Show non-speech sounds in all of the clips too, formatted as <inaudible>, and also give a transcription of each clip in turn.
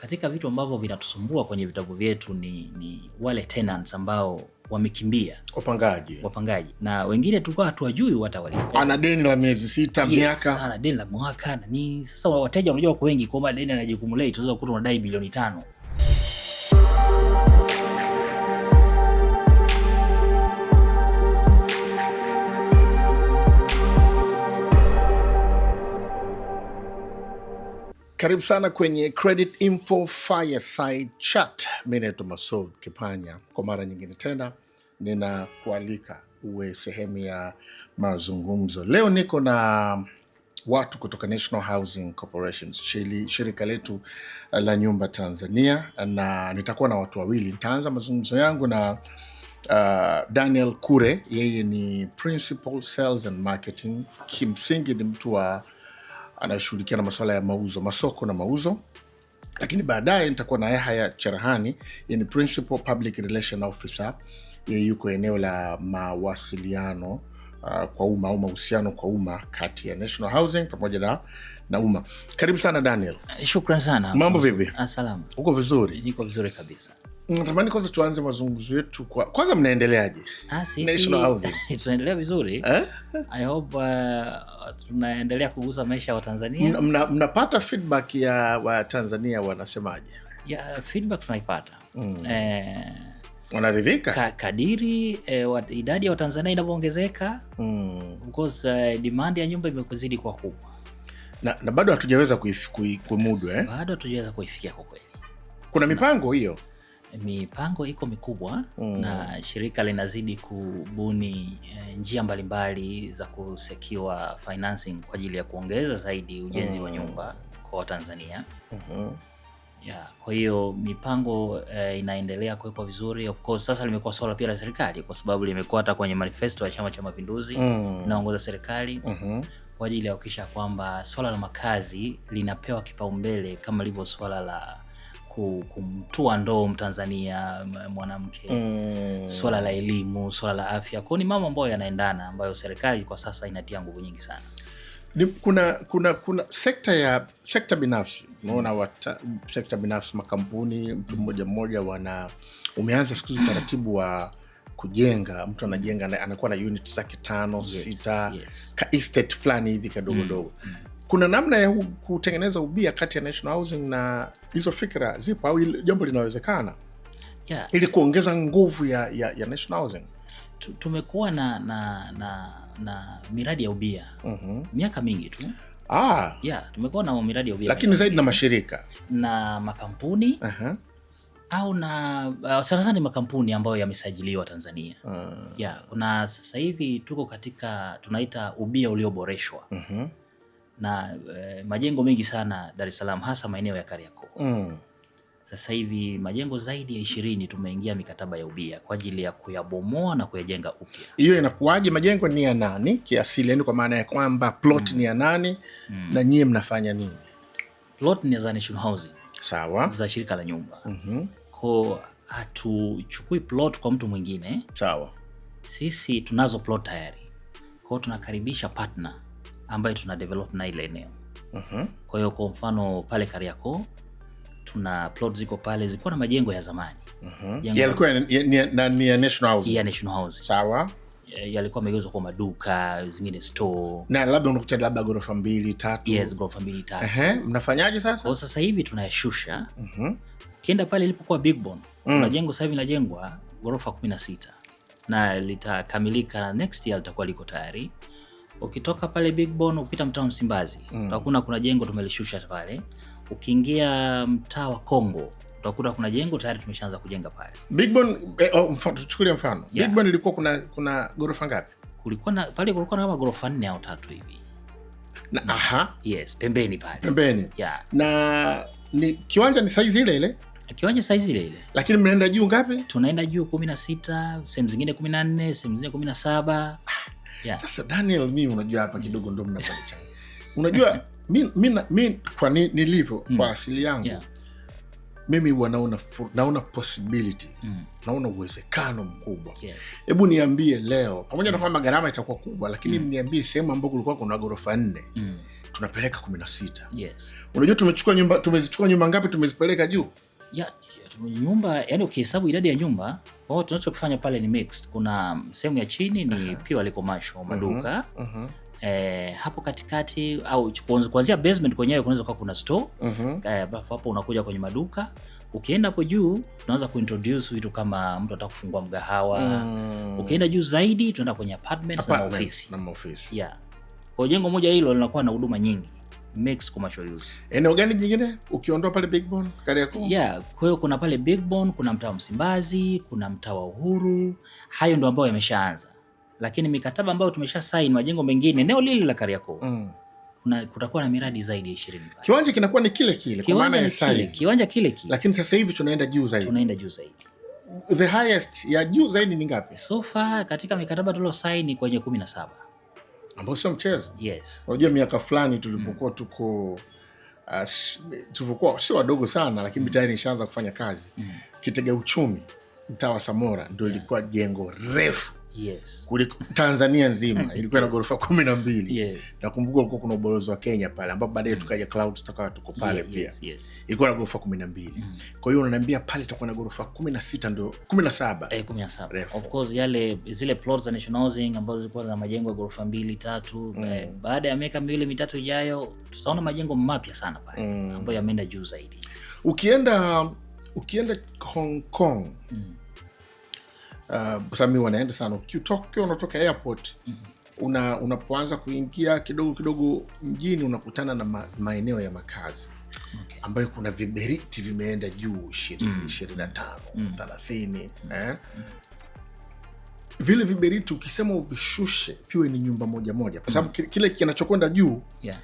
katika vitu ambavyo vinatusumbua kwenye vitabu vyetu ni, ni wale tenants ambao wamekimbia wapangaji wapangaji, na wengine tulikuwa hatuwajui hata walipo. ana deni la miezi sita, yes, miaka ana deni la mwaka na ni Sasa wateja unajua wako wengi, maana deni anajikumulate, unaweza kukuta unadai bilioni tano. Karibu sana kwenye Credit Info Fireside Chat. Mi naitwa Masoud Kipanya. Kwa mara nyingine tena ninakualika uwe sehemu ya mazungumzo. Leo niko na watu kutoka National Housing Corporation, shirika letu uh, la nyumba Tanzania, na nitakuwa na watu wawili. Nitaanza mazungumzo yangu na uh, Daniel Kure, yeye ni Principal Sales and Marketing, kimsingi ni mtu wa anayoshughulikia na masuala ya mauzo, masoko na mauzo. Lakini baadaye nitakuwa na Yahya Cherahani, yani Principal Public Relation Officer, yeye yuko eneo la mawasiliano Uh, kwa umma au mahusiano kwa umma kati ya National Housing pamoja na na umma. Karibu sana Daniel. Shukrani sana. Mambo vipi? Ah, salama. Uko vizuri? Niko vizuri kabisa. Natamani kwanza tuanze mazungumzo yetu kwa kwanza, mnaendeleaje? Ah, <laughs> tunaendelea vizuri eh? I hope uh, tunaendelea kugusa maisha ya Watanzania. Mnapata mna feedback ya Watanzania wanasemaje? Ya, feedback tunaipata mm. eh, wanaridhika ka, kadiri eh, wat, idadi ya Watanzania inavyoongezeka mm. of course uh, demand ya nyumba imekuzidi kwa kubwa na, na bado hatujaweza kumudu eh? bado hatujaweza kuifikia kwa kweli. Kuna mipango hiyo mipango iko mikubwa mm. na shirika linazidi kubuni eh, njia mbalimbali za kusekiwa financing kwa ajili ya kuongeza zaidi ujenzi mm. wa nyumba kwa Watanzania mm -hmm. Yeah, kwa hiyo mipango e, inaendelea kuwekwa vizuri. Of course sasa limekuwa swala pia la serikali, kwa sababu limekuwa hata kwenye manifesto ya Chama cha Mapinduzi mm. inaongoza serikali mm -hmm. kwa ajili ya kuhakikisha kwamba swala la makazi linapewa kipaumbele kama lilivyo swala la kumtua ndoo Mtanzania mwanamke mm. Swala la elimu, swala la afya, kwao ni mambo ambayo yanaendana, ambayo serikali kwa sasa inatia nguvu nyingi sana. Ni, kuna kuna kuna sekta ya sekta binafsi unaona mm. sekta binafsi makampuni, mtu mmoja mmoja wana umeanza siku hizi utaratibu wa kujenga, mtu anajenga anakuwa na unit zake tano yes, sita yes. ka estate fulani hivi kadogodogo mm. mm kuna namna ya kutengeneza ubia kati ya National Housing na hizo fikira zipo, au jambo linawezekana yeah, ili kuongeza nguvu ya, ya, ya National Housing. Tumekuwa na, na, na, na miradi ya ubia mm -hmm. miaka mingi tu ah. yeah, tumekuwa na miradi ya ubia lakini zaidi na mashirika na makampuni uh -huh au na uh, sana sana ni makampuni ambayo yamesajiliwa Tanzania. Uh, yeah, na sasa hivi tuko katika tunaita ubia ulioboreshwa. Uh mhm. -huh na e, majengo mengi sana Dar es Salaam hasa maeneo ya Kariakoo. Mm. Sasa hivi majengo zaidi ya ishirini tumeingia mikataba ya ubia kwa ajili ya kuyabomoa na kuyajenga upya. Hiyo inakuwaje? Majengo ni ya nani kiasili, yani kwa maana ya kwamba plot mm. ni ya nani mm. na nyie mnafanya nini? Plot ni za National Housing. Sawa. za shirika la nyumba mm -hmm. ko hatuchukui plot kwa mtu mwingine. Sawa. Sisi tunazo plot tayari, kwao tunakaribisha partner ambayo tuna develop na ile eneo. mm Kwa hiyo kwa mfano pale Kariakoo tuna plot ziko pale zilikuwa na majengo ya zamani. mm Yalikuwa ni ya National House. Ya National Housing. Sawa. Yalikuwa yamegeuzwa kwa maduka, zingine store. Na labda unakuta labda gorofa mbili, tatu. Yes, gorofa mbili, tatu. Ehe, mnafanyaje sasa? Kwa sasa hivi tunayashusha. Mhm. Kienda pale ilipokuwa Big Bone. Mm. Kuna jengo sasa hivi linajengwa gorofa 16 na litakamilika next year litakuwa liko tayari. Ukitoka pale Big Bon ukipita mtaa wa Msimbazi mm. utakuta kuna jengo tumelishusha pale. Ukiingia mtaa wa Kongo utakuta kuna jengo tayari tumeshaanza kujenga pale Big Bon. Eh, oh, tuchukulie mfano yeah. Big Bon ilikuwa kuna kuna ghorofa ngapi? Kulikuwa na pale kulikuwa na kama ghorofa nne au tatu hivi na, na, aha. Yes, pembeni pale pembeni yeah. na ni kiwanja ni saizi ile ile kiwanja saizi ile ile, lakini mnaenda juu ngapi? Tunaenda juu 16 na sehemu zingine 14 na sehemu zingine 17 ah yeah. Sasa Daniel, mi unajua hapa mm. kidogo ndo mnapalicha unajua <laughs> mi, mi, mi kwa ni, nilivyo mm. kwa asili yangu yeah. mimi huwa naona naona possibility mm. naona uwezekano mkubwa hebu yeah. niambie leo pamoja mm. na kwamba gharama itakuwa kubwa lakini mm. niambie sehemu ambao kulikuwa kuna ghorofa nne mm. tunapeleka kumi na sita yes. unajua tumechukua nyumba tumezichukua nyumba ngapi tumezipeleka juu yeah, nyumba yani ukihesabu idadi ya nyumba kwa hiyo tunachokifanya pale ni mixed. Kuna um, sehemu ya chini ni uh -huh. pure commercial maduka uh mhm. -huh. Eh, hapo katikati au kuanzia basement kwenyewe kunaweza kuwa kuna store mm -hmm. Eh, hapo unakuja kwenye maduka. Ukienda hapo juu tunaanza kuintroduce vitu kama mtu anataka kufungua mgahawa mm. Ukienda juu zaidi tunaenda kwenye apartments, na na ofisi yeah. Kwa jengo moja hilo linakuwa na huduma nyingi makes commercial use. Eneo gani jingine ukiondoa pale Big Bone Kariakoo? Yeah, kwa hiyo kuna pale Big Bone, kuna mtaa wa Msimbazi, kuna mtaa wa Uhuru. Hayo ndio ambayo yameshaanza, lakini mikataba ambayo tumesha sign majengo mengine eneo lile la Kariakoo mm. Kuna, kutakuwa na miradi zaidi ya 20. Kiwanja kinakuwa ni kile kile kwa maana ya size, kiwanja kile kile, lakini sasa hivi tunaenda juu zaidi, tunaenda juu zaidi. The highest ya juu zaidi ni ngapi? So far katika mikataba tulio sign kwenye 17. na ambao sio mchezo. Yes. Unajua miaka fulani tulipokuwa mm. tuko uh, tulivyokuwa sio wadogo sana lakini mm. tayari nishaanza kufanya kazi mm. kitega uchumi mtaa wa Samora ndo ilikuwa yeah. jengo refu yes. Kuliko Tanzania nzima <laughs> ilikuwa na ghorofa kumi na mbili yes. Nakumbuka ulikuwa kuna ubalozi wa Kenya pale ambapo baadaye mm. tukaja cloud tukawa tuko pale pia yes, yes. Ilikuwa na ghorofa kumi na mbili mm. Kwa hiyo unaniambia pale itakuwa na ghorofa kumi na sita ndo kumi na saba eh, kumi na saba of course, yale zile plots za National Housing ambazo zilikuwa na majengo ya ghorofa mbili tatu mm. Eh, baada ya miaka miwili mitatu ijayo tutaona majengo mapya sana pale mm. ambayo yameenda juu zaidi. Ukienda ukienda Hong Kong mm uh, sami wanaenda sana ukitokea unatoka airport mm-hmm. una, unapoanza kuingia kidogo kidogo mjini unakutana na ma, maeneo ya makazi okay. ambayo kuna viberiti vimeenda juu ishirini mm. ishirini na tano mm. thelathini mm. Eh? vile viberiti ukisema uvishushe viwe ni nyumba moja moja, kwa sababu mm. kile kinachokwenda juu yeah.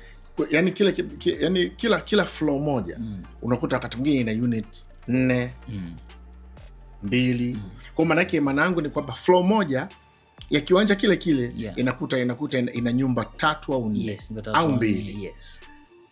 yani kile, kile yani kila kila floor moja mm. unakuta wakati mwingine ina unit nne mm mbili mm. Kwa maanake maana yangu ni kwamba flo moja ya kiwanja kile kile yeah. Inakuta inakuta ina nyumba tatu au nne yes, au mbili yes.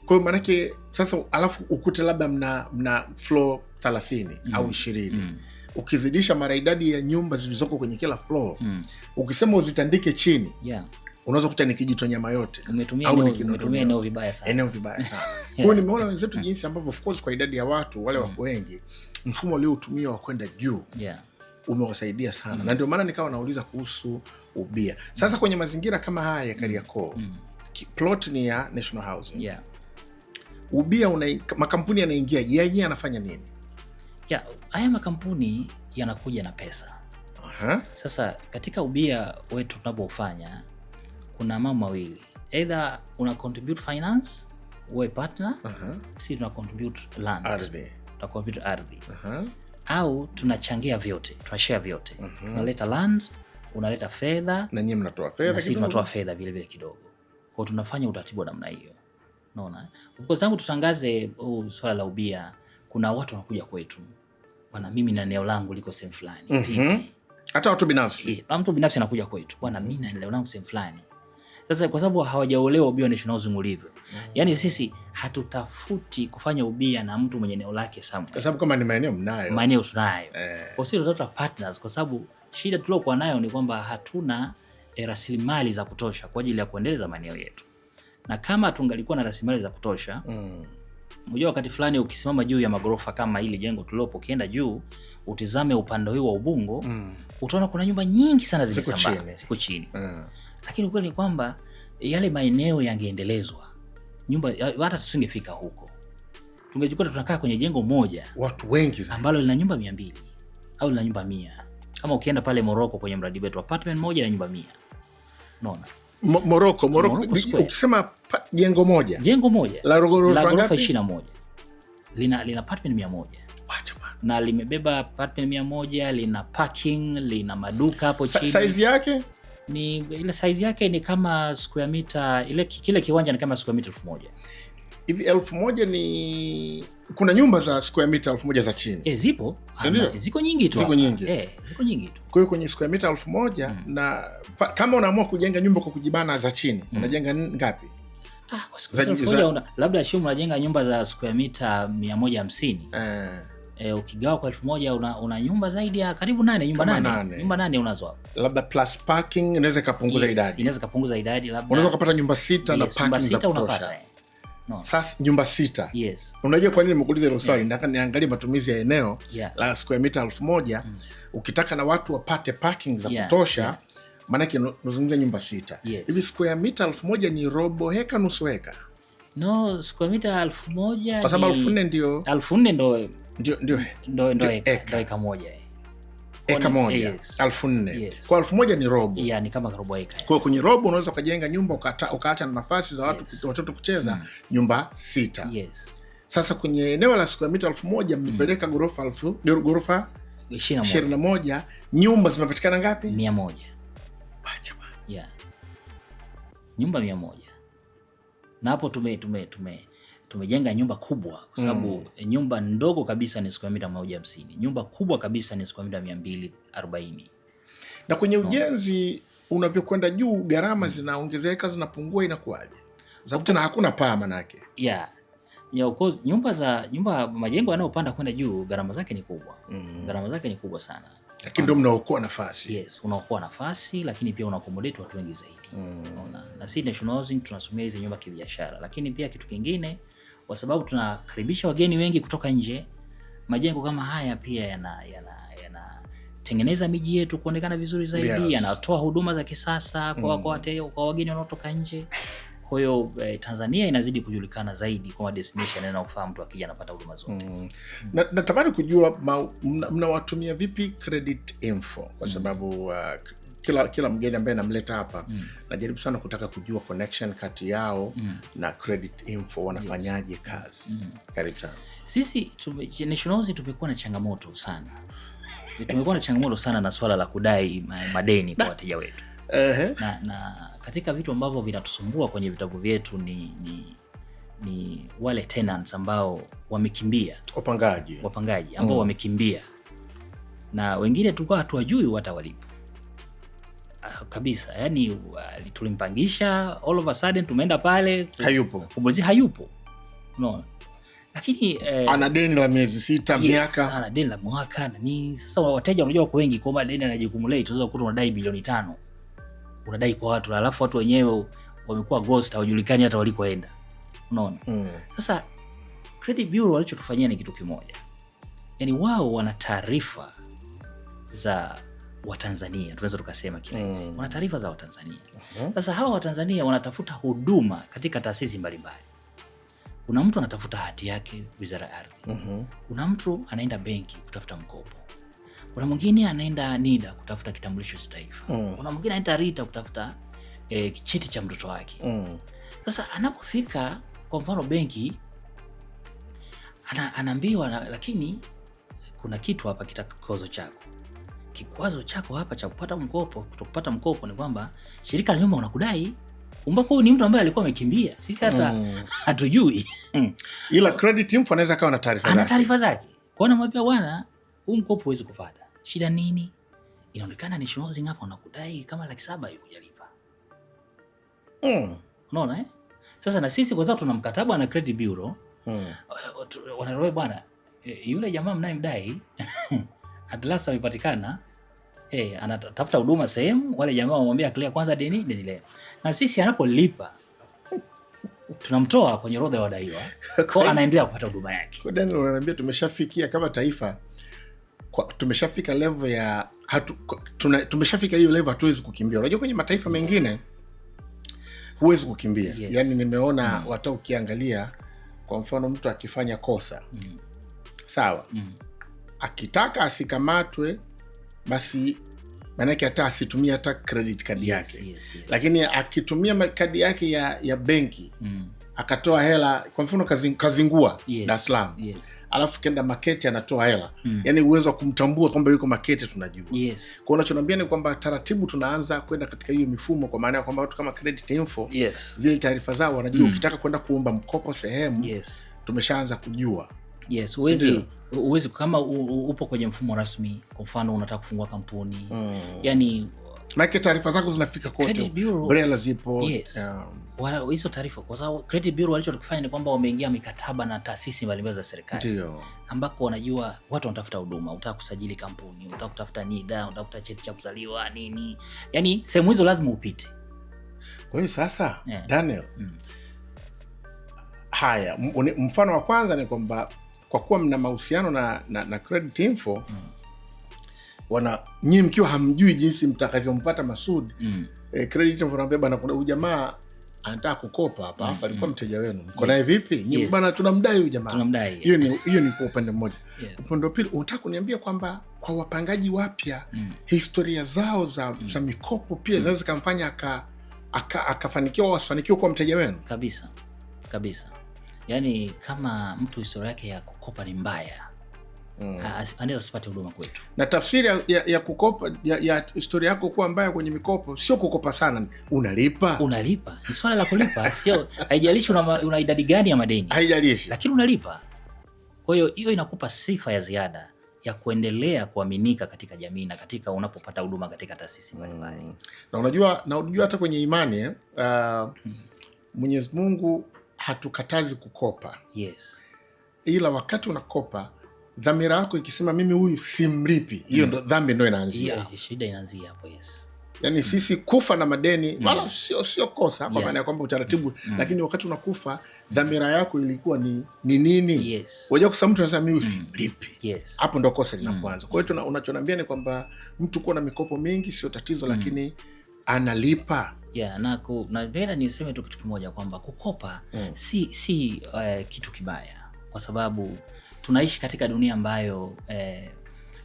kwao maanake sasa, alafu ukute labda mna mna flo thelathini mm. au ishirini mm. Ukizidisha mara idadi ya nyumba zilizoko kwenye kila flo mm. Ukisema uzitandike chini yeah unaweza kuta ni kijito nyama yote au eneo vibaya sana, eneo vibaya sana. <laughs> Kwa hiyo nimeona wenzetu jinsi ambavyo of course kwa idadi ya watu wale wako mm. wengi, mfumo ulioutumia wa kwenda juu yeah umewasaidia sana mm. na ndio maana nikawa nauliza kuhusu ubia sasa, mm. kwenye mazingira kama haya ya Kariakoo mm. mm. plot ni ya National Housing yeah. ubia una, makampuni yanaingia yenyewe anafanya nini? ya haya makampuni yanakuja na pesa. Aha. Sasa katika ubia wetu tunavyofanya kuna mambo mawili, either una contribute finance uwe partner uh -huh. si tuna contribute land ardhi, tuna contribute ardhi uh -huh. au tunachangia vyote, tunashare vyote uh -huh. tunaleta land, unaleta fedha na nyinyi mnatoa fedha, na sisi tunatoa fedha vile vile kidogo, kwa tunafanya utaratibu wa namna hiyo. Unaona, of course tangu tutangaze oh, swala la ubia, kuna watu wanakuja kwetu bwana, mimi na eneo langu liko sehemu fulani, mhm. hata watu binafsi, eh, mtu binafsi anakuja kwetu bwana, mimi na eneo langu sehemu fulani sasa kwa sababu hawajaolewa ubia nation housing mm. Yani sisi hatutafuti kufanya ubia na mtu mwenye eneo lake somewhere, kwa sababu kama ni maeneo mnayo, maeneo tunayo eh. Kwa sisi tunatafuta partners, kwa sababu shida tuliokuwa nayo ni kwamba hatuna eh, rasilimali za kutosha kwa ajili ya kuendeleza maeneo yetu, na kama tungalikuwa na rasilimali za kutosha mm. Unajua, wakati fulani ukisimama juu ya magorofa kama hili jengo tulilopo, ukienda juu utizame upande huu wa Ubungo mm. utaona kuna nyumba nyingi sana zimesambaa, siku chini, siku chini mm lakini ukweli ni kwamba eh, yale maeneo yangeendelezwa, nyumba hata tusingefika huko, tungejikuta tunakaa kwenye jengo moja watu wengi ambalo lina nyumba mia mbili au lina nyumba mia kama ukienda pale Moroko kwenye mradi wetu apartment moja na nyumba mia naona Moroko, Moroko ukisema jengo moja jengo moja la ghorofa ishirini na moja lina, lina apartment mia moja na limebeba apartment mia moja lina parking, lina maduka hapo chini. saizi yake ni ile size yake ni kama square meter, ile kile kiwanja ni kama square meter 1000 hivi. 1000 ni kuna nyumba za square meter 1000 za chini e, zipo Ana, ziko nyingi tu, ziko nyingi e, ziko nyingi tu. Kwa hiyo kwenye square meter 1000 mm. na pa, kama unaamua kujenga nyumba kwa kujibana za chini mm. unajenga ngapi? Ah, kwa square meter 1000 labda unajenga nyumba za square meter 150 eh e, ukigawa kwa elfu moja una, una nyumba zaidi ya karibu nane nyumba nane, nane nyumba nane unazo hapo, labda plus parking inaweza ikapunguza yes, idadi inaweza ikapunguza idadi, labda unaweza kupata nyumba sita yes, na parking za kutosha. Eh. No. Sasa nyumba sita. Yes. Unajua kwa nini nimekuuliza hilo swali? Nataka niangalie matumizi ya eneo yeah. la square mita elfu moja mm. ukitaka na watu wapate parking za yeah. kutosha yeah. maanake nazungumzia nyumba sita hivi yes. square mita elfu moja ni robo heka nusu heka? No, square mita elfu moja kwa sababu elfu nne ndio elfu nne ndio ndio ndio ndio eka moja eka moja yes. alfu nne yes. Kwa alfu moja ni robo yeah, ni kama robo eka yes. Kwa kwenye robo unaweza ukajenga nyumba ukaacha na nafasi za watu yes. watoto kucheza mm. nyumba sita yes. Sasa kwenye eneo la square mita alfu moja mmepeleka mm. ghorofa alfu ghorofa ishirini na moja nyumba zimepatikana ngapi? mia moja yeah. nyumba mia moja na hapo tume tume tume tumejenga nyumba kubwa kwa sababu mm. nyumba ndogo kabisa ni square mita moja 150, nyumba kubwa kabisa ni square mita 240. Na kwenye ujenzi no. unavyokwenda juu gharama mm. zinaongezeka zinapungua, inakuwaje? Sababu tena hakuna paa manake yeah. nyumba za nyumba majengo yanayopanda kwenda juu gharama zake ni kubwa mm. gharama zake ni kubwa sana lakini ndio mnaokoa nafasi. Yes, unaokoa nafasi lakini pia unakomodate watu wengi zaidi. Mm. Na si National Housing tunasomea hizi nyumba kibiashara, lakini pia kitu kingine kwa sababu tunakaribisha wageni wengi kutoka nje. Majengo kama haya pia yanatengeneza yana, yana miji yetu kuonekana vizuri zaidi yes. Yanatoa huduma za kisasa kwa, mm. kwa, kwa, kwa wageni wanaotoka nje. Kwa hiyo eh, Tanzania inazidi kujulikana zaidi kama destination na mtu akija anapata huduma zote. mm. mm. Natamani kujua mnawatumia mna vipi Credit Info kwa mm. sababu mm. uh, kila kila mgeni ambaye namleta hapa mm. najaribu sana kutaka kujua connection kati yao mm. na credit info wanafanyaje yes. kazi mm. karibu sana sisi National tumekuwa na changamoto sana <laughs> tumekuwa na changamoto sana na swala la kudai madeni kwa wateja wetu uh -huh. na, na katika vitu ambavyo vinatusumbua kwenye vitabu vyetu ni, ni ni wale tenants ambao wamekimbia, wapangaji wapangaji mm. ambao mm. wamekimbia na wengine tulikuwa hatuwajui hata walipo kabisa yani uh, tulimpangisha all of a sudden tumeenda pale hayupo kumbuzi hayupo no. lakini eh, ana deni la miezi sita yes, miaka ana deni la mwaka na nini sasa wateja unajua wako wengi kwamba deni anajikumulate unaweza kukuta unadai bilioni tano unadai kwa watu alafu watu wenyewe wamekuwa ghost hawajulikani hata walikoenda unaona mm. sasa credit bureau walichotufanyia ni kitu kimoja yani wao wana taarifa za Watanzania tunaweza tukasema kirahisi mm. wana taarifa za Watanzania sasa mm -hmm. hawa Watanzania wanatafuta huduma katika taasisi mbalimbali. Kuna mtu anatafuta hati yake wizara ya ardhi mm -hmm. kuna mtu anaenda benki kutafuta mkopo, kuna mwingine anaenda NIDA kutafuta kitambulisho cha taifa mm. kuna mwingine anaenda RITA kutafuta e, cheti cha mtoto wake mm. Sasa anapofika kwa mfano benki ana, anaambiwa lakini kuna kitu hapa kita kozo chako kikwazo chako hapa cha kupata mkopo, kutopata mkopo ni kwamba shirika la nyumba unakudai ambako ni mtu ambaye alikuwa amekimbia, sisi hata mm. <laughs> hatujui <laughs> ila credit info anaweza kawa na taarifa zake, ana taarifa zake kwao, namwambia bwana, huu mkopo huwezi kupata. Shida nini? Inaonekana ni shozi hapa, unakudai kama laki saba hiyo hujalipa. mm. Unaona eh? Sasa na sisi kwa sababu tuna mkataba na credit bureau mm. Eh, wanarobe bwana, eh, yule jamaa mnayemdai <laughs> at last amepatikana. Eh, anatafuta huduma sehemu, wale jamaa wamwambia clear kwanza deni deni leo, na sisi anapolipa tunamtoa kwenye orodha ya wadaiwa <laughs> kwa anaendelea kupata huduma yake. Kwa Daniel, unaniambia tumeshafikia kama taifa kwa, tumeshafika level ya hatu, tumeshafika hiyo level, hatuwezi kukimbia. Unajua kwenye mataifa mengine huwezi kukimbia yes. Yani nimeona mm. wata ukiangalia kwa mfano mtu akifanya kosa mm. sawa mm akitaka asikamatwe basi maanake hata asitumie hata credit card yake yes, yes, yes. Lakini akitumia kadi yake ya, ya benki mm. akatoa hela kwa mfano kazingua yes, Dar es Salaam yes. alafu kenda Makete anatoa hela mm. yani uwezo wa kumtambua kwamba yuko Makete tunajua yes. Kwao unachonaambia ni kwamba taratibu tunaanza kwenda katika hiyo mifumo, kwa maana ya kwamba watu kama credit info yes. zile taarifa zao wanajua mm. ukitaka kwenda kuomba mkopo sehemu yes. tumeshaanza kujua yes, uwezi kama upo kwenye mfumo rasmi, kwa mfano unataka kufungua kampuni mm. yani maana taarifa zako zinafika kote, BRELA zipo yes. yeah. Um. hizo taarifa, kwa sababu credit bureau walichokifanya ni kwamba wameingia mikataba na taasisi mbalimbali za serikali, ndio ambako wanajua watu wanatafuta huduma, unataka kusajili kampuni, unataka kutafuta NIDA, unataka kutafuta cheti cha kuzaliwa nini, yani sehemu hizo lazima upite. Kwa hiyo sasa yeah. Daniel mm. haya, mfano wa kwanza ni kwamba kwa kuwa mna mahusiano na, na, na Credit Info mm. wana nyi mkiwa hamjui jinsi mtakavyompata Masud mm. eh, Credit Info naambia bana, kuna ujamaa anataka kukopa hapa mm, afu alikuwa mm. mteja wenu, mko naye yes. vipi? nyi yes. bana, tunamdai huyu jamaa. tunamdai Hiyo ni hiyo ni kwa upande mmoja. Upande wa pili unataka kuniambia kwamba kwa wapangaji wapya mm. historia zao za, mm. za mikopo pia mm. zinaweza mm. zikamfanya aka akafanikiwa aka wasifanikiwa kuwa mteja wenu kabisa kabisa. Yani kama mtu historia yake ya kukopa ni mbaya mm. Ah, anaweza asipate huduma kwetu. Na tafsiri ya, ya kukopa ya, ya historia yako kuwa mbaya kwenye mikopo sio kukopa sana, unalipa unalipa, ni swala la kulipa <laughs> sio, haijalishi una, una idadi gani ya madeni, haijalishi lakini unalipa. Kwa hiyo hiyo inakupa sifa ya ziada ya kuendelea kuaminika katika jamii na katika unapopata huduma katika taasisi mm. mbalimbali mm. na unajua na unajua hata kwenye imani uh, Mwenyezi Mungu hatukatazi kukopa yes ila wakati unakopa dhamira yako ikisema mimi huyu simlipi, hiyo mm. ndo dhambi ndo inaanzia, shida inaanzia hapo. Yes. Yani mm. sisi kufa na madeni mm. wala mm. sio sio kosa kwa maana yeah. ya kwamba utaratibu mm. lakini wakati unakufa dhamira yako ilikuwa ni ni nini? yes. Wajua, kwa mtu anasema mimi usilipi yes. hapo ndo kosa linapoanza. Kwa hiyo unachonambia ni kwamba mtu kuwa na mikopo mingi sio tatizo mm. lakini analipa yeah, na, ku, na niseme tu kitu kimoja kwamba kukopa mm. si, si uh, kitu kibaya kwa sababu tunaishi katika dunia ambayo eh,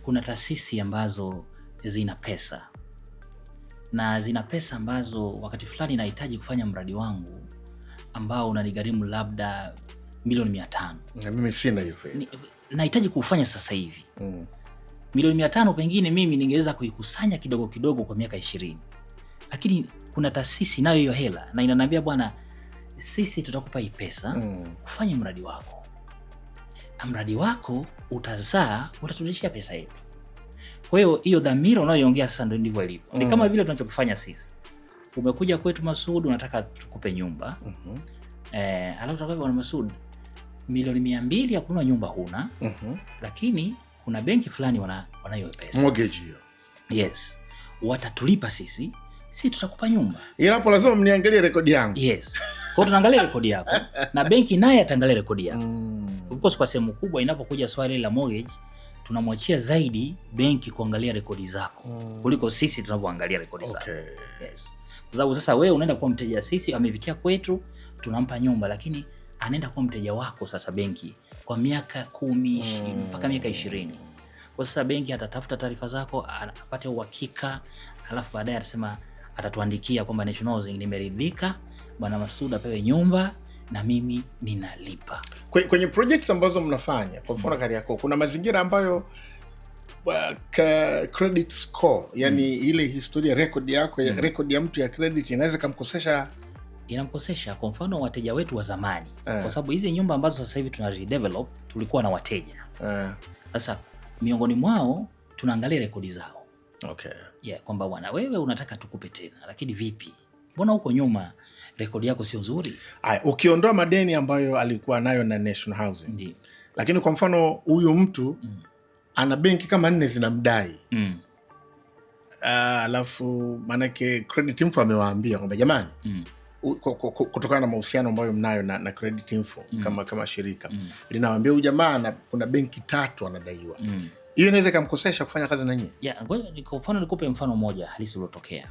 kuna taasisi ambazo zina pesa na zina pesa ambazo wakati fulani nahitaji kufanya mradi wangu ambao unanigharimu labda milioni mia tano na mimi sina hiyo fedha, nahitaji kuufanya sasa hivi mm. Milioni mia tano pengine mimi ningeweza kuikusanya kidogo kidogo kwa miaka ishirini, lakini kuna taasisi nayo hiyo hela na inaniambia bwana, sisi tutakupa hii pesa mm. ufanye mradi wako mradi wako utazaa, utaturudishia pesa yetu. Kwa hiyo hiyo dhamira unayoongea sasa ndio ndivyo ilivyo. Ni mm. kama vile tunachokifanya sisi. Umekuja kwetu Masud, unataka tukupe nyumba. Mm-hmm. Eh, alafu tukakwambia bwana Masud, milioni mia mbili ya kununua nyumba huna. Mm-hmm. Lakini kuna benki fulani wana wanayo pesa. Mortgage hiyo. Yes. Watatulipa sisi, sisi tutakupa nyumba. Ila hapo lazima mniangalie rekodi yangu. Yes. Kwa hiyo tunaangalia rekodi yako <laughs> na benki naye ataangalia rekodi yako. Mm. Of course kwa sehemu kubwa inapokuja swali la mortgage tunamwachia zaidi benki kuangalia rekodi zako mm. kuliko sisi tunavyoangalia rekodi zako. Yes. Kwa sababu sasa wewe unaenda kuwa mteja, sisi amepitia kwetu tunampa nyumba, lakini anaenda kuwa mteja wako sasa benki kwa miaka kumi mm. mpaka mm. miaka ishirini. Kwa sasa benki atatafuta taarifa zako apate uhakika, alafu baadaye atasema atatuandikia kwamba National Housing nimeridhika, Bwana Masuda apewe nyumba na mimi ninalipa. Kwenye projects ambazo mnafanya kwa mfano mm. Kariakoo kuna mazingira ambayo credit score yani mm. ile historia record yako mm. record ya mtu ya credit inaweza kumkosesha inamkosesha kwa mfano wateja wetu wa zamani eh. Kwa sababu hizi nyumba ambazo sasa hivi tuna redevelop tulikuwa na wateja eh. sasa Miongoni mwao tunaangalia rekodi zao okay. Yeah, kwamba bwana wewe unataka tukupe tena, lakini vipi Mbona huko nyuma rekodi yako sio nzuri? Aya, ukiondoa madeni ambayo alikuwa nayo na National Housing. Ndi. Lakini kwa mfano huyu mtu mm. ana benki kama nne zinamdai mm. Ah, alafu maanake credit info amewaambia kwamba jamani mm kutokana na mahusiano ambayo mnayo na, na Credit Info mm. kama, kama shirika mm. linawambia huyu jamaa kuna benki tatu anadaiwa mm. hiyo mm. inaweza ikamkosesha kufanya kazi na nyie. Yeah, kwa mfano nikupe mfano mmoja halisi uliotokea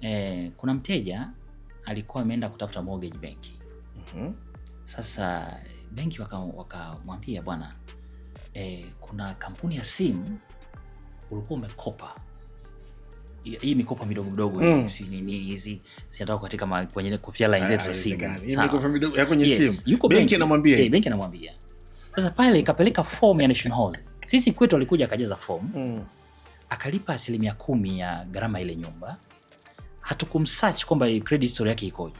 eh, kuna mteja alikuwa ameenda kutafuta mortgage benki. mm -hmm. Sasa benki wakamwambia waka, bwana eh, kuna kampuni ya simu ulikuwa umekopa hii mikopo midogo midogo mm. hizi sinataka katika kwenye kofia line zetu ah, za simu. Benki anamwambia benki anamwambia eh, sasa, pale ikapeleka fomu ya National hall Sisi kwetu alikuja akajaza fomu mm. akalipa asilimia kumi ya gharama ile nyumba hatukumsearch kwamba credit story yake ikoje.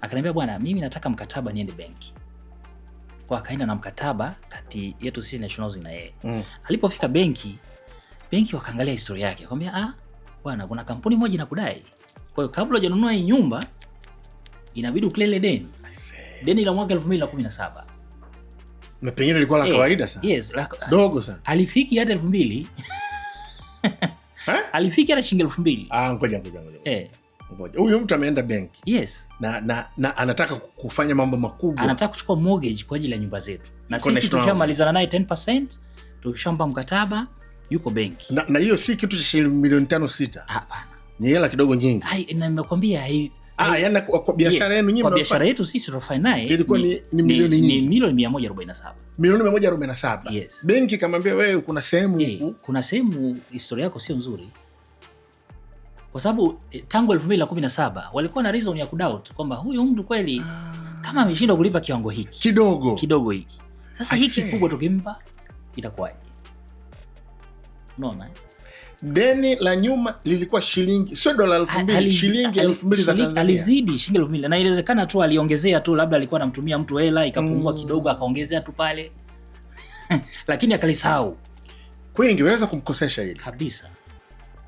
Akaniambia, bwana, mimi nataka mkataba niende benki. Kwa akaenda na mkataba kati yetu sisi Nationals na yeye. Mm. Alipofika benki, benki wakaangalia historia yake. Akamwambia, ah, bwana kuna kampuni moja inakudai. Kwa hiyo kabla hujanunua hii nyumba inabidi uklele deni. Deni la mwaka 2017. Na pengine ilikuwa la eh, kawaida sana. Yes, la, dogo sana. Alifiki hata 2000. Eh? alifika na shilingi elfu mbili. Ah, ngoja ngoja ngoja. Eh. Ngoja. Huyu mtu ameenda benki. Yes. Na, na, na anataka kufanya mambo makubwa. Anataka kuchukua mortgage kwa ajili ya nyumba zetu. Na sisi tushamalizana naye 10%, tushamba mkataba yuko benki. Na hiyo si kitu cha shilingi milioni 5 6. Hapana. Ni hela kidogo nyingi. Ai, nimekwambia Ah, yana yaani kwa biashara yenu kwa biashara yetu sisi tunafanya naye ilikuwa ni milioni nyingi, milioni 147. Milioni 147. Yes. Benki kamwambia wewe kuna sehemu e, kuna sehemu historia yako sio nzuri. Kwa sababu eh, tangu 2017 walikuwa na reason ya kudoubt kwamba huyu mtu kweli ah. kama ameshindwa kulipa kiwango hiki kidogo kidogo hiki sasa hiki kubwa tukimpa itakuwaje? Unaona? Eh? deni la nyuma lilikuwa shilingi sio dola elfu mbili shilingi elfu mbili za Tanzania. Alizidi shilingi elfu mbili na inawezekana tu aliongezea tu, labda alikuwa anamtumia mtu hela ikapungua mm, kidogo akaongezea tu pale <laughs> lakini akalisahau. Kwa hiyo ingeweza kumkosesha hili kabisa.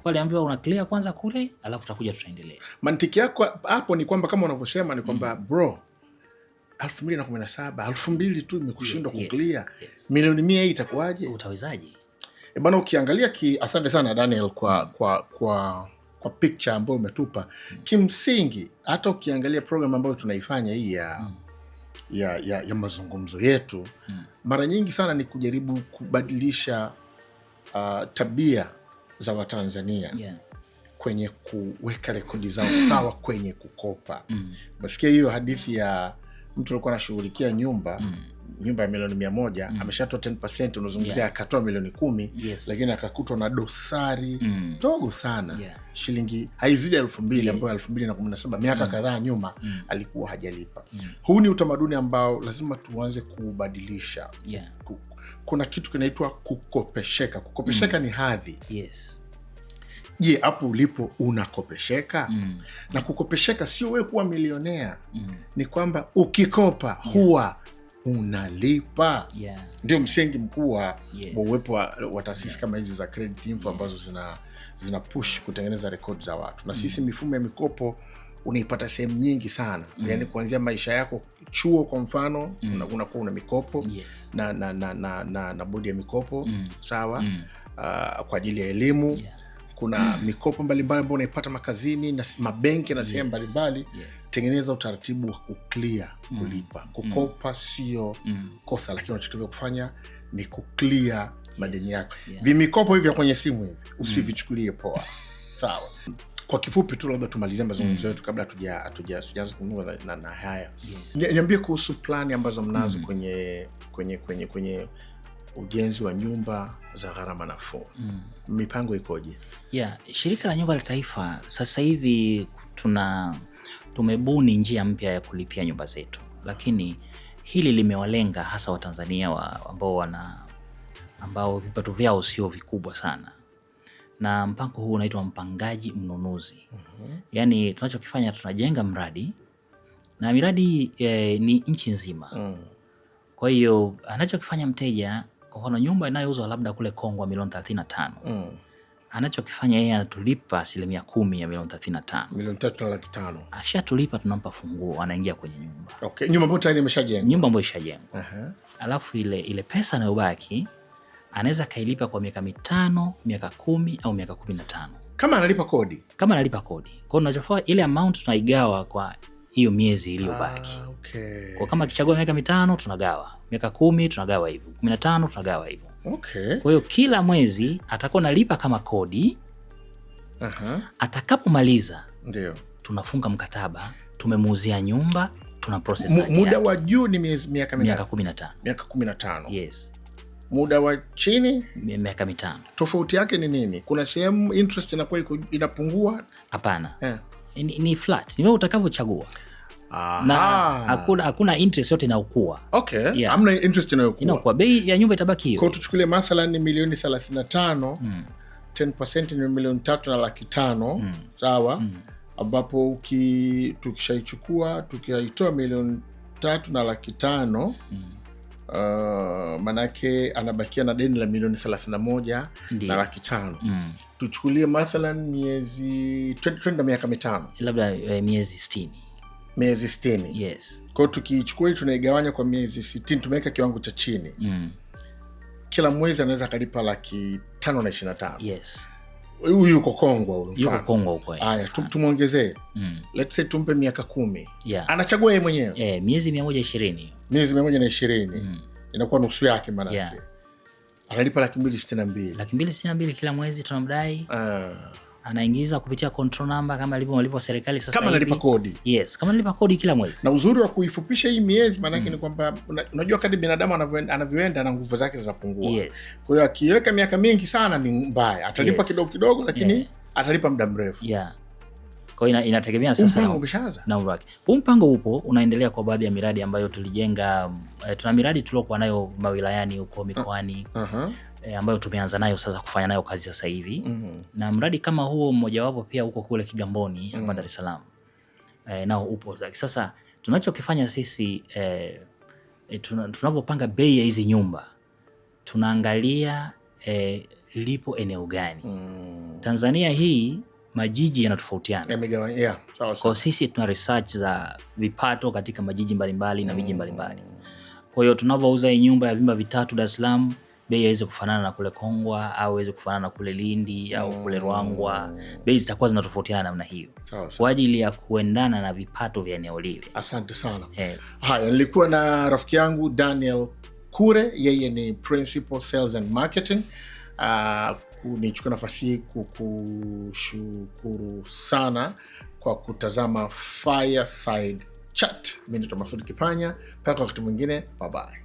Waliambiwa una clear kwanza kule, alafu tutakuja tutaendelea. Mantiki yako hapo ni kwamba kama unavyosema ni kwamba mm, bro 2017 2000 tu imekushindwa yes, kuclear yes, yes. Milioni 100 itakuwaje? Utawezaje? E eh, bana, ukiangalia ki, asante sana Daniel kwa kwa kwa kwa picture ambayo umetupa kimsingi, hata ukiangalia program ambayo tunaifanya hii ya mm. ya, ya, ya mazungumzo yetu mm. mara nyingi sana ni kujaribu kubadilisha uh, tabia za Watanzania yeah. kwenye kuweka rekodi zao <laughs> sawa kwenye kukopa mm. Masikia hiyo hadithi ya mtu alikuwa anashughulikia nyumba hmm nyumba ya milioni mia moja mm. ameshatoa 10% unazungumzia, yeah. akatoa milioni kumi yes. lakini akakutwa na dosari mm. ndogo mm. sana yeah. shilingi haizidi elfu mbili yes. ambayo elfu mbili na kumi na saba miaka mm. kadhaa nyuma mm. alikuwa hajalipa mm. huu ni utamaduni ambao lazima tuanze kuubadilisha yeah. kuna kitu kinaitwa kukopesheka. Kukopesheka mm. ni hadhi yes. Je, hapo ulipo unakopesheka? mm. na kukopesheka sio wewe kuwa milionea mm. ni kwamba ukikopa yeah. huwa unalipa yeah. Ndio msingi mkuu wa yes. uwepo wa taasisi yeah. kama hizi za credit info ambazo zina, zina push kutengeneza rekodi za watu na mm. sisi mm. mifumo ya mikopo unaipata sehemu nyingi sana mm. Yani, kuanzia maisha yako chuo kwa mfano mm. unakuwa una mikopo yes. na, na, na, na, na, na bodi ya mikopo mm. sawa mm. Uh, kwa ajili ya elimu yeah kuna mikopo mbalimbali ambayo unaipata makazini na mabenki na sehemu mbalimbali yes. Tengeneza utaratibu wa mm. kulipa mm, kulipa kukopa mm, sio mm, kosa, lakini unachotakiwa kufanya ni kuklia yes, madeni yako yeah. Vimikopo hivi vya kwenye simu hivi mm. usivichukulie poa <laughs> sawa. Kwa kifupi tu labda tumalizie mazungumzo mm. yetu kabla sijaanza kununua na haya yes. Niambie kuhusu plani ambazo mnazo mm, kwenye kwenye kwenye kwenye ujenzi wa nyumba za gharama nafuu mm. mipango ikoje? Yeah, shirika la nyumba la taifa sasa hivi tuna tumebuni njia mpya ya kulipia nyumba zetu, lakini hili limewalenga hasa Watanzania wa, ambao wana ambao vipato vyao sio vikubwa sana, na mpango huu unaitwa mpangaji mnunuzi mm -hmm. Yani, tunachokifanya tunajenga mradi na miradi eh, ni nchi nzima mm. Kwa hiyo anachokifanya mteja kwa mfano nyumba inayouzwa labda kule Kongwa milioni 35. Mm. Anachokifanya yeye anatulipa asilimia kumi ya milioni 35. Milioni 3 na laki Ashatulipa, tunampa funguo, anaingia kwenye nyumba. Okay, nyumba ambayo tayari imeshajengwa. Nyumba ambayo ishajengwa. Uh-huh. Alafu ile ile pesa anayobaki anaweza kailipa kwa miaka mitano, miaka kumi au miaka kumi na tano kama analipa kodi, kama analipa kodi. Kwa hiyo ile amount tunaigawa kwa hiyo miezi iliyobaki. Ah, okay. Kwa kama kichagua miaka mitano tunagawa, miaka kumi tunagawa hivyo, kumi na tano tunagawa hivyo. Okay. Kwa hiyo kila mwezi atakuwa nalipa kama kodi. Aha. Atakapomaliza ndio tunafunga mkataba, tumemuuzia nyumba, tuna process muda wa juu ni miezi miaka miaka 15. Miaka 15. Yes. Muda wa chini miaka mitano. Tofauti yake ni nini? Kuna sehemu interest inakuwa inapungua? Hapana. Yeah ni, ni flat, ni wewe utakavyochagua na hakuna hakuna interest yote inayokuwa okay. yeah. amna interest inayokuwa bei ya nyumba itabaki hiyo. Kwa tuchukulie mathalan ni milioni 35 mm. 10% ni milioni tatu na laki tano mm. sawa mm. ambapo tukishaichukua tukiaitoa milioni tatu na laki tano mm Uh, manake anabakia na deni la milioni thelathini na moja na laki tano. Mm. Tuchukulie mathalan miezi twende miaka mitano labda, uh, miezi sitini miezi sitini yes. Kwao tukiichukua hii tunaigawanya kwa miezi sitini, tumeweka kiwango cha chini mm. Kila mwezi anaweza akalipa laki tano na ishirina na tano yes huyu yuko Kongwa, yuko Kongwa Haya, tumwongezee mm. let's say tumpe miaka kumi yeah. anachagua yeye mwenyewe eh, miezi mia moja ishirini miezi mia moja na ishirini mm. inakuwa nusu yake maanake yeah. analipa laki mbili sitini na mbili laki mbili sitini na mbili kila mwezi tunamdai uh anaingiza kupitia control number kama ilivyo malipo serikali sasa hivi, kama nalipa kodi. Yes, kama nalipa kodi kila mwezi. Na uzuri wa kuifupisha hii miezi maana yake mm. ni kwamba unajua kadri binadamu anavyoenda na nguvu zake zinapungua. Yes. Kwa hiyo akiweka miaka mingi sana ni mbaya, atalipa yes. kidogo kidogo, lakini yeah. atalipa muda mrefu. Yeah. Kwa hiyo inategemea sasa na umeshaanza na umri. Huu mpango upo unaendelea kwa baadhi ya miradi ambayo tulijenga, eh, tuna miradi tuliokuwa nayo mawilayani huko mikoani. Uh -huh e, ambayo tumeanza nayo sasa kufanya nayo kazi sasa hivi mm -hmm. na mradi kama huo mmojawapo pia uko kule Kigamboni mm -hmm. Dar es Salaam e, nao upo sasa. Tunachokifanya sisi e, eh, e, tunapopanga bei ya hizi nyumba tunaangalia e, lipo eneo gani mm. Tanzania hii majiji yanatofautiana yeah, kwa sisi tuna research za vipato katika majiji mbalimbali mbali na miji mm. mbalimbali. Kwa hiyo tunapouza nyumba ya vyumba vitatu Dar es Salaam bei haiwezi kufanana na kule Kongwa au haiwezi kufanana na kule Lindi au kule mm. rwangwa bei zitakuwa zinatofautiana namna hiyo kwa ajili ya kuendana na vipato vya eneo lile. Asante sana eh. Haya, nilikuwa na rafiki yangu Daniel Kure, yeye ni principal sales and marketing ah, uh, nichukua nafasi hii kukushukuru sana kwa kutazama Fireside Chat. Mi ni Masud Kipanya, mpaka wakati mwingine, bye bye.